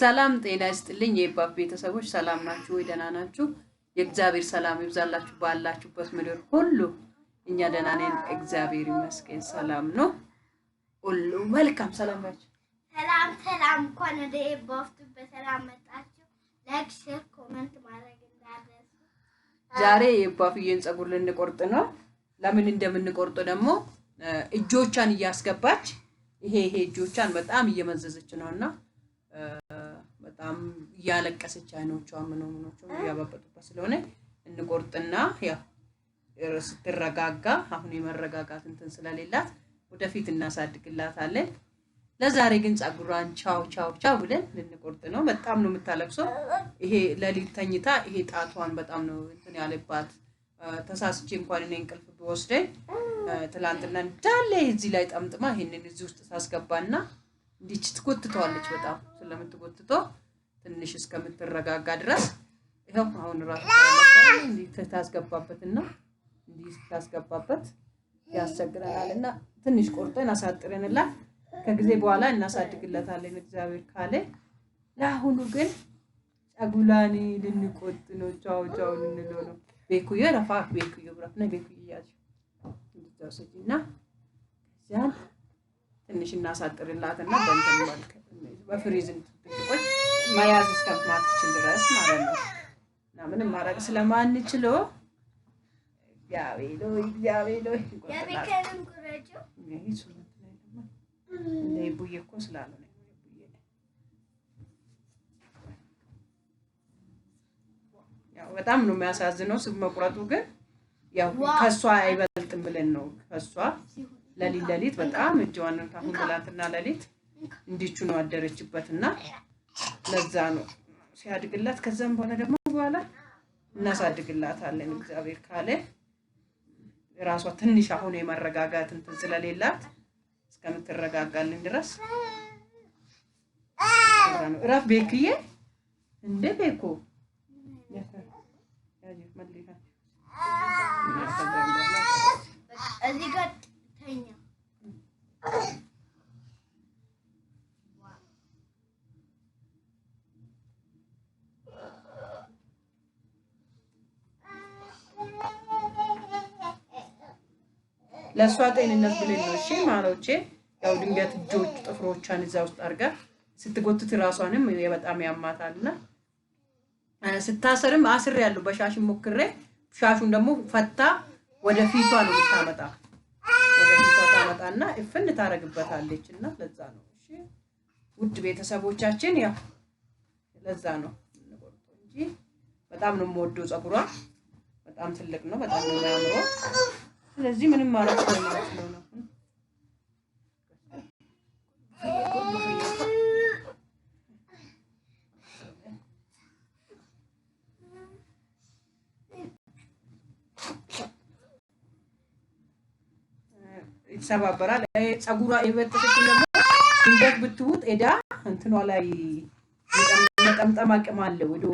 ሰላም ጤና ይስጥልኝ። የባብ ቤተሰቦች ሰላም ናችሁ ወይ? ደህና ናችሁ? የእግዚአብሔር ሰላም ይብዛላችሁ ባላችሁበት ምድር ሁሉ። እኛ ደህና ነን፣ እግዚአብሔር ይመስገን፣ ሰላም ነው ሁሉ መልካም። ሰላም ናችሁ? ሰላም ሰላም። እንኳን ወደ ኤባፍቱ በሰላም መጣችሁ። ላይክ፣ ሼር፣ ኮመንት ማድረግ እንዳትረሱ። ዛሬ የባፍዬን ጸጉር ልንቆርጥ ነው። ለምን እንደምንቆርጥ ደግሞ እጆቿን እያስገባች ይሄ ይሄ እጆቿን በጣም እየመዘዘች እና በጣም እያለቀሰች አይኖቿ ምኖ ምኖቹ እያባበጡበት ስለሆነ እንቆርጥና ያው ስትረጋጋ አሁን የመረጋጋት እንትን ስለሌላት ወደፊት እናሳድግላታለን። ለዛሬ ግን ጸጉሯን ቻው ቻው ቻው ብለን ልንቆርጥ ነው። በጣም ነው የምታለቅሰው። ይሄ ለሊት ተኝታ ይሄ ጣቷን በጣም ነው እንትን ያለባት። ተሳስቼ እንኳን እኔ እንቅልፍ ብወስደኝ ትላንትና እንዳለ እዚህ ላይ ጠምጥማ ይሄንን እዚህ ውስጥ ሳስገባና እንዲች ትጎትተዋለች በጣም ስለምትጎትተው ትንሽ እስከምትረጋጋ ድረስ ይኸው አሁን ራሱ እንዲህ ታስገባበትና እንዲህ ታስገባበት ያስቸግረናል እና ትንሽ ቆርጠን አሳጥረንላት ከጊዜ በኋላ እናሳድግለታለን እግዚአብሔር ካለ። ለአሁኑ ግን ጸጉላኒ ልንቆጥ ነው፣ ቻው ቻው ልንለው ነው። ቤኩዮ ረፋ ቤኩዮ ብራት ነው ቤኩዮ ያዝ እንዲታሰጂና ያን ትንሽ እናሳጥርላት እናሳጥርላትና በእንትን መልክ በፍሪዝ ትቆይ መያዝ እስከማትችል ድረስ ማለት ነው። እና ምንም ማድረግ ስለማንችሎ እግዚአብሔር ሆይ እግዚአብሔር ቡዬ እኮ ስላልሆነ በጣም ነው የሚያሳዝነው። ስብ መቁረጡ ግን ያው ከእሷ አይበልጥም ብለን ነው ከእሷ ለሊት ለሊት በጣም እጅዋን አሁን ትላንትና ለሊት እንዲቹ ነው አደረችበት እና ለዛ ነው ሲያድግላት ከዛም በኋላ ደግሞ በኋላ እናሳድግላታለን እግዚአብሔር ካለ ራሷ ትንሽ አሁን የመረጋጋት እንትን ስለሌላት እስከምትረጋጋልን ድረስ ነው እረፍ ቤክዬ እንደ ቤኮ እዚህ ጋር ለእሷ ጤንነት ብለን ነው። እሺ ማሮቼ፣ ያው ድንገት እጆቹ ጥፍሮቿን እዛ ውስጥ አድርጋ ስትጎትት ራሷንም በጣም ያማታልና ስታሰርም አስሬ ያለው በሻሽ ሞክሬ ሻሹን ደግሞ ፈታ ወደ ፊቷ ነው የምታመጣ ታወጣና እፍን ታረግበታለች እና ለዛ ነው። እሺ ውድ ቤተሰቦቻችን ያው ለዛ ነው የምንቆርጠው እንጂ በጣም ነው የምወደው። ጸጉሯ በጣም ትልቅ ነው፣ በጣም ነው የሚያምረው። ስለዚህ ምንም ማለት ነው ማለት ነው ነው ይሰባበራል። ጸጉሯ የበጠሰች ደግሞ ድንገት ብትውጥ ኤዳ እንትኗ ላይ መጠምጠም አቅም አለ ወደ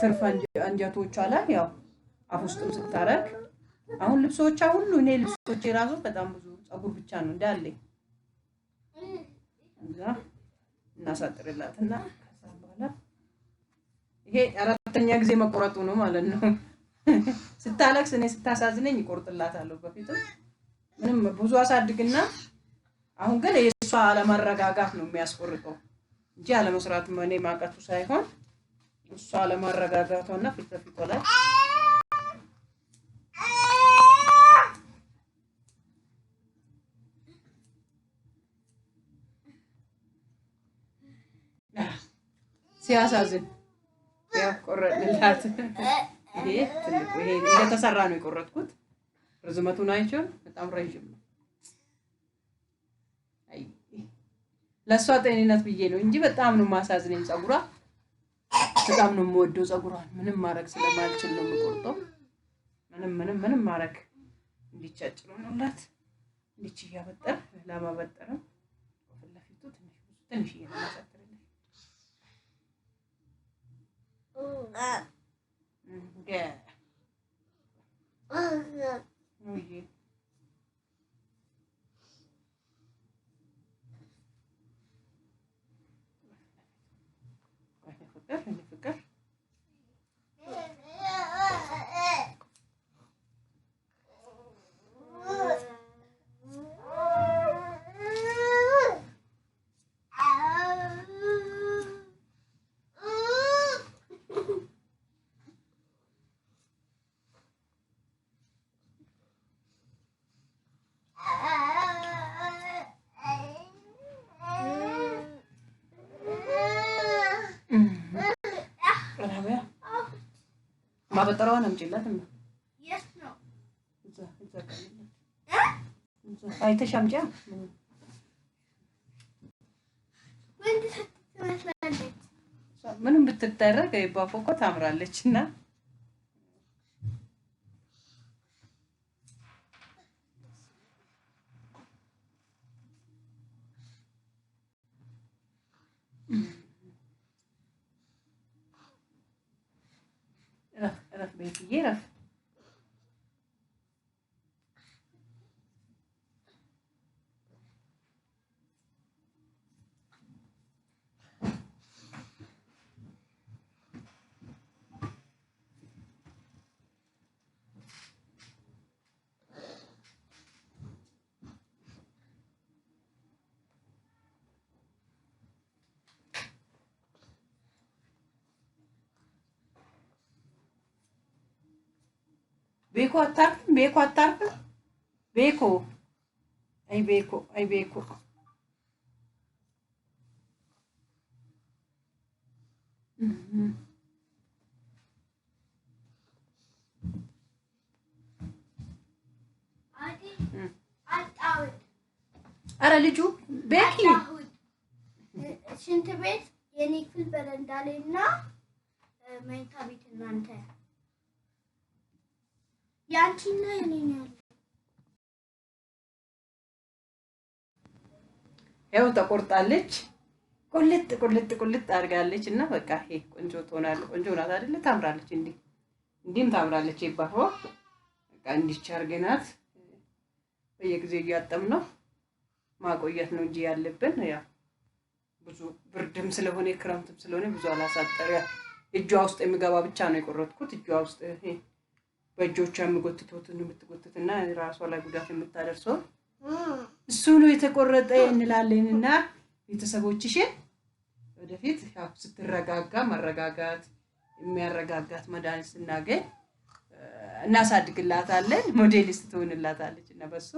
ትርፍ አንጀቶቿ ላይ ያው አፍ ውስጥም ስታረግ አሁን ልብሶቿ ሁሉ እኔ ልብሶች የራሱ በጣም ብዙ ጸጉር ብቻ ነው እንዳለኝ እዛ እናሳጥርላትና ከዛ በኋላ ይሄ አራተኛ ጊዜ መቆረጡ ነው ማለት ነው። ስታለቅስ እኔ ስታሳዝነኝ ይቆርጥላታለሁ በፊትም ምንም ብዙ አሳድግና አሁን ግን የእሷ አለመረጋጋት ነው የሚያስቆርጠው እንጂ አለመስራት እኔ ማቀቱ ሳይሆን እሷ አለመረጋጋቷ እና ፊት በፊቷ ላይ ሲያሳዝን ያቆረጥንላት ይሄ ትልቁ ይሄ እንደተሰራ ነው የቆረጥኩት። ርዝመቱን አይቼው በጣም ረዥም ነው። ለእሷ ጤንነት ብዬ ነው እንጂ በጣም ነው ማሳዝነኝ። ጸጉሯ በጣም ነው የምወደው ጸጉሯን። ምንም ማድረግ ስለማልችል ነው የምቆርጠው። ምንም ምንም ምንም ማድረግ እንዲቻጭሩ ነውላት እንዲች እያበጠር ለማበጠርም ፍለፊቱ ትንሽ እየተመሳትርልኝ ገ Oye. ማበጠሪያውን አምጪላት እና አይተሽ አምጪያ ምንም ብትደረግ በፎኮ ታምራለች እና ಬೇಕು ಹತ್ತಾರ್ಕ ಬೇಕು ಹತ್ತಾರ್ಕ ಬೇಕು ಐ ಬೇಕು ಐ ಬೇಕು ಹ್ಞೂ ኧረ ልጁ ቤት ሽንት ቤት የኔ ክፍል በረንዳ ላይ እና መኝታ ቤት እናንተ ያንቺና የኔ ነው። ያው ተቆርጣለች፣ ቁልጥ ቁልጥ ቁልጥ አድርጋለች እና በቃ ይሄ ቆንጆ ትሆናለች። ቆንጆ ናት አይደለ? ታምራለች። እንዴ እንዲህም ታምራለች። ይባፎ በቃ እንዲች አድርገናት በየጊዜው እያጠም ነው ማቆየት ነው እንጂ ያለብን ያው ብዙ ብርድም ስለሆነ ክረምትም ስለሆነ ብዙ አላሳጠሪያ እጇ ውስጥ የሚገባ ብቻ ነው የቆረጥኩት እጇ ውስጥ በእጆቿ የምጎትቶትን የምትጎትትና ራሷ ላይ ጉዳት የምታደርሰው እሱ ነው የተቆረጠ እንላለን። እና ቤተሰቦችሽን ወደፊት ስትረጋጋ ማረጋጋት የሚያረጋጋት መድኃኒት ስናገኝ እናሳድግላታለን። ሞዴሊስት ትሆንላታለች እና በሱ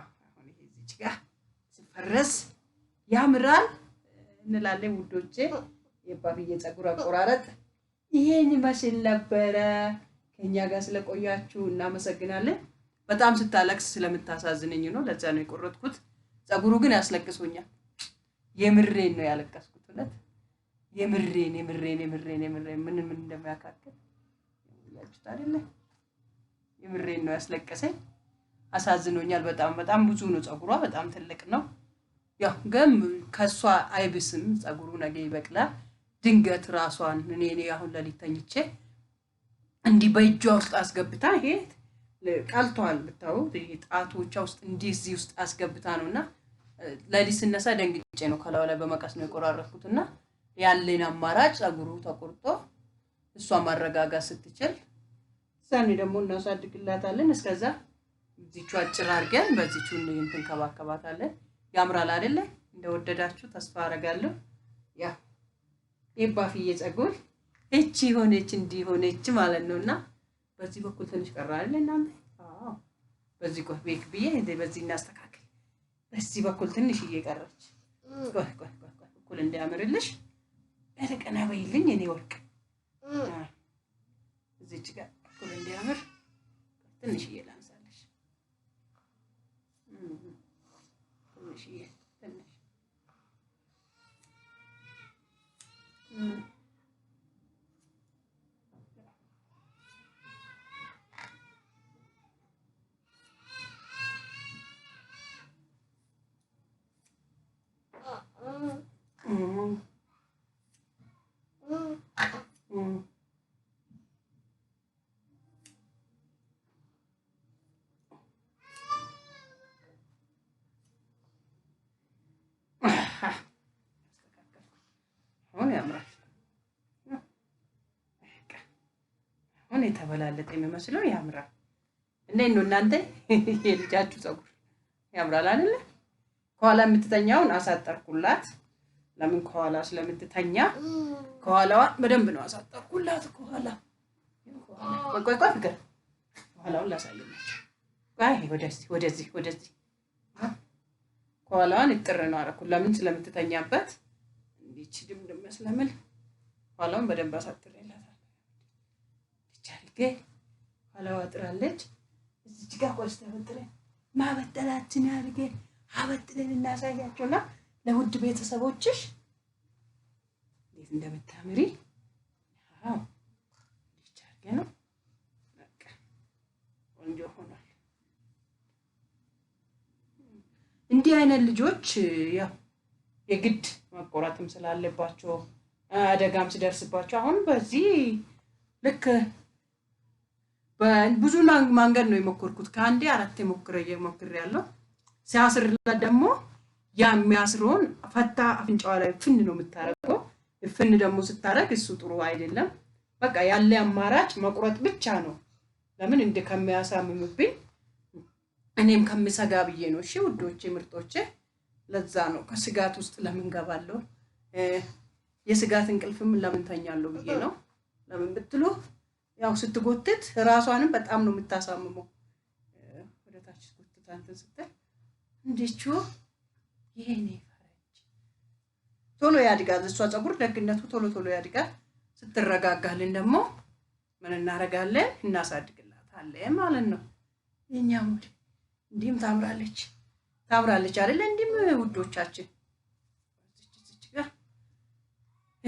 አሁን ይሄ ጋር ስፈረስ ያምራል እንላለን። ውዶቼ የባብዬ ፀጉር አቆራረጥ ይሄን ይመስል ነበረ። ከእኛ ጋር ስለቆያችሁ እናመሰግናለን። በጣም ስታለቅስ ስለምታሳዝነኝ ነው፣ ለዛ ነው የቆረጥኩት። ጸጉሩ ግን ያስለቅሶኛል። የምሬን ነው ያለቀስኩት። እውነት የምሬን የምሬን የምሬን የምሬን ምን ምን እንደሚያካክል ያችሁት አይደለ? የምሬን ነው ያስለቀሰኝ። አሳዝኖኛል በጣም በጣም ብዙ ነው። ጸጉሯ በጣም ትልቅ ነው። ያው ግን ከእሷ አይብስም ጸጉሩ ነገ ይበቅላል። ድንገት ራሷን እኔ አሁን ለሊት ተኝቼ እንዲህ በእጇ ውስጥ አስገብታ ይሄ ቀልቷል ብታዩት፣ ይሄ ጣቶቿ ውስጥ እንዲህ እዚህ ውስጥ አስገብታ ነው እና ለዲ ስነሳ ደንግጬ ነው ከላዩ ላይ በመቀስ ነው የቆራረጥኩት እና ያለን አማራጭ ጸጉሩ ተቆርጦ እሷ ማረጋጋት ስትችል ሰኔ ደግሞ እናሳድግላታለን። እስከዛ እዚቹ አጭር አድርገን በዚቹ እንትንከባከባታለን። ያምራል አይደለ? እንደወደዳችሁ ተስፋ አረጋለሁ። ያ ይህ ባፍዬ ጸጉር እቺ ሆነች እንዲሆነች ማለት ነው። እና በዚህ በኩል ትንሽ ቀረ አይደል እናንተ? አዎ፣ በዚህ ቆይ ቤክ ብዬ እንደ በዚህ እናስተካክል። በዚህ በኩል ትንሽ እየቀረች ቆይ ቆይ ቆይ ቆይ እኩል እንዲያምርልሽ ቀና በይልኝ እኔ ወርቅ እዚች ጋር እኩል እንዲያምር ትንሽ እየለ የተበላለጠ የሚመስለው ያምራል። እንዴት ነው እናንተ? የልጃችሁ ፀጉር ያምራል አይደለ? ከኋላ የምትተኛውን አሳጠርኩላት። ለምን ከኋላ ስለምትተኛ ከኋላዋ በደንብ ነው አሳጠርኩላት። ከኋላ ቆይ ቆይ ቆይ ፍቅር ከኋላውን ላሳየናቸው። አይ ወደዚህ ወደዚህ ወደዚህ ከኋላዋን እጥር ነው አረኩ። ለምን ስለምትተኛበት እንዲች ድምድም ስለምል ኋላውን በደንብ አሳጥር አድርገህ ኋላዋ ጥራለች። እዚች ጋር ቆስ ተበጥረን ማበጠላችን አድርገህ አበጥለን እናሳያቸውና ለውድ ቤተሰቦችሽ እንዴት እንደምታምሪ አዎ ነው ቆንጆ ሆኗል። እንዲህ አይነት ልጆች ያው የግድ መቆረጥም ስላለባቸው አደጋም ሲደርስባቸው አሁን በዚህ ልክ ብዙ መንገድ ነው የሞከርኩት። ከአንዴ አራት የሞክር ያለው ሲያስርላት ደግሞ ያ የሚያስረውን ፈታ አፍንጫዋ ላይ ፍን ነው የምታደርገው። ፍን ደግሞ ስታደርግ እሱ ጥሩ አይደለም። በቃ ያለ አማራጭ መቁረጥ ብቻ ነው። ለምን እንደ ከሚያሳምምብኝ እኔም ከምሰጋ ብዬ ነው። እሺ ውዶቼ፣ ምርጦቼ፣ ለዛ ነው ከስጋት ውስጥ ለምን ገባለሁ፣ የስጋት እንቅልፍም ለምን ተኛለሁ ብዬ ነው። ለምን ብትሉ ያው ስትጎትት ራሷንም በጣም ነው የምታሳምመው። ወደታች ስትጎትት አንተን ስትል እንዲቹ ይሄኔ ፈረጅ ቶሎ ያድጋል። እሷ ፀጉር ደግነቱ ቶሎ ቶሎ ያድጋል። ስትረጋጋልን ደግሞ ምን እናደርጋለን? እናሳድግላታለን ማለት ነው። የኛ ሙድ እንዲህም ታምራለች ታምራለች አይደለ? እንዲህም ውዶቻችን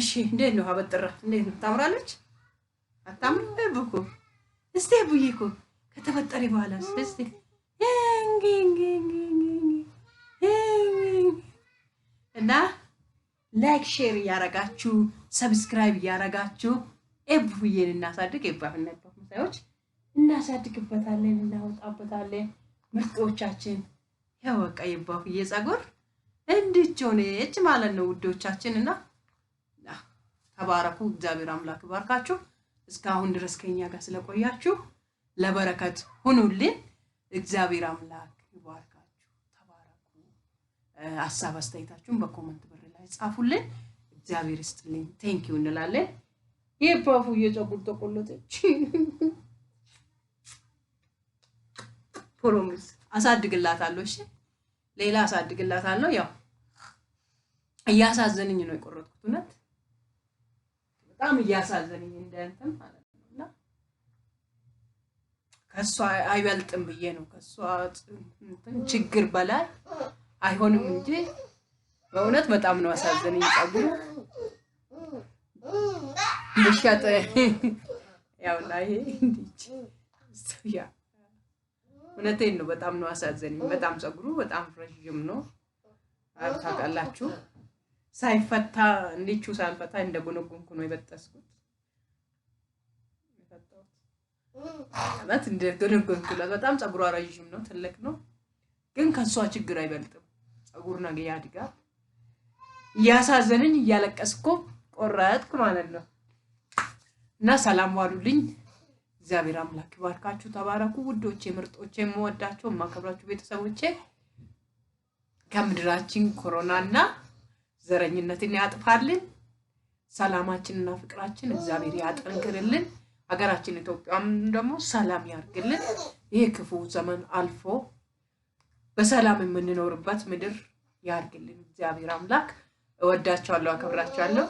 እሺ፣ እንዴት ነው አበጥራ? እንዴት ነው ታምራለች? አታምንም እኮ እስቲ ቡዬ እኮ ከተፈጠሪ በኋላ እስቲ እና ላይክ ሼር እያረጋችሁ ሰብስክራይብ እያረጋችሁ ኤቡዬን እናሳድግ። ኤቡ አፍነበት እናሳድግበታለን፣ እናወጣበታለን ምርጦቻችን። ያው በቃ ኤቡ አፍዬ ጸጉር እንድች ሆነች ማለት ነው ውዶቻችን። እና ተባረኩ። እግዚአብሔር አምላክ ይባርካችሁ። እስካሁን ድረስ ከኛ ጋር ስለቆያችሁ ለበረከት ሁኑልን። እግዚአብሔር አምላክ ይባርካችሁ፣ ተባረኩ። ሀሳብ አስተያየታችሁን በኮመንት በር ላይ ጻፉልን። እግዚአብሔር ይስጥልኝ። ቴንኪው እንላለን። ይህ ፓፉ እየጸጉር ተቆለጠች። ፕሮሚስ አሳድግላታለሁ። እሺ ሌላ አሳድግላታለሁ። ያው እያሳዘንኝ ነው የቆረጥኩት። በጣም እያሳዘነኝ እንደንትን ማለት ነው እና ከእሷ አይበልጥም ብዬ ነው ከእሷ ችግር በላይ አይሆንም እንጂ በእውነት በጣም ነው አሳዘነኝ። ጸጉሩ ሊሸጥ ያው ላይ ያ እውነቴን ነው። በጣም ነው አሳዘነኝ። በጣም ጸጉሩ በጣም ረዥም ነው ታውቃላችሁ። ሳይፈታ እንዲቹ ሳልፈታ ጎነጎንኩ ነው የበጠስኩት። ማለት እንደጎነጎንኩላት በጣም ጸጉሯ ረዥም ነው፣ ትልቅ ነው። ግን ከእሷ ችግር አይበልጥም። ጸጉር ነገ ያድጋል። እያሳዘነኝ እያለቀስኩ ቆረጥኩ ማለት ነው። እና ሰላም ዋሉልኝ። እግዚአብሔር አምላክ ይባርካችሁ። ተባረኩ ውዶቼ፣ ምርጦቼ፣ የምወዳቸው የማከብራችሁ ቤተሰቦቼ ከምድራችን ኮሮና እና ዘረኝነትን ያጥፋልን። ሰላማችንና ፍቅራችን እግዚአብሔር ያጠንክርልን። ሀገራችን ኢትዮጵያም ደግሞ ሰላም ያርግልን። ይሄ ክፉ ዘመን አልፎ በሰላም የምንኖርበት ምድር ያርግልን እግዚአብሔር አምላክ። እወዳቸዋለሁ፣ አከብራቸዋለሁ።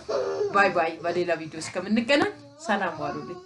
ባይ ባይ። በሌላ ቪዲዮ እስከምንገናኝ ሰላም ዋሉልኝ።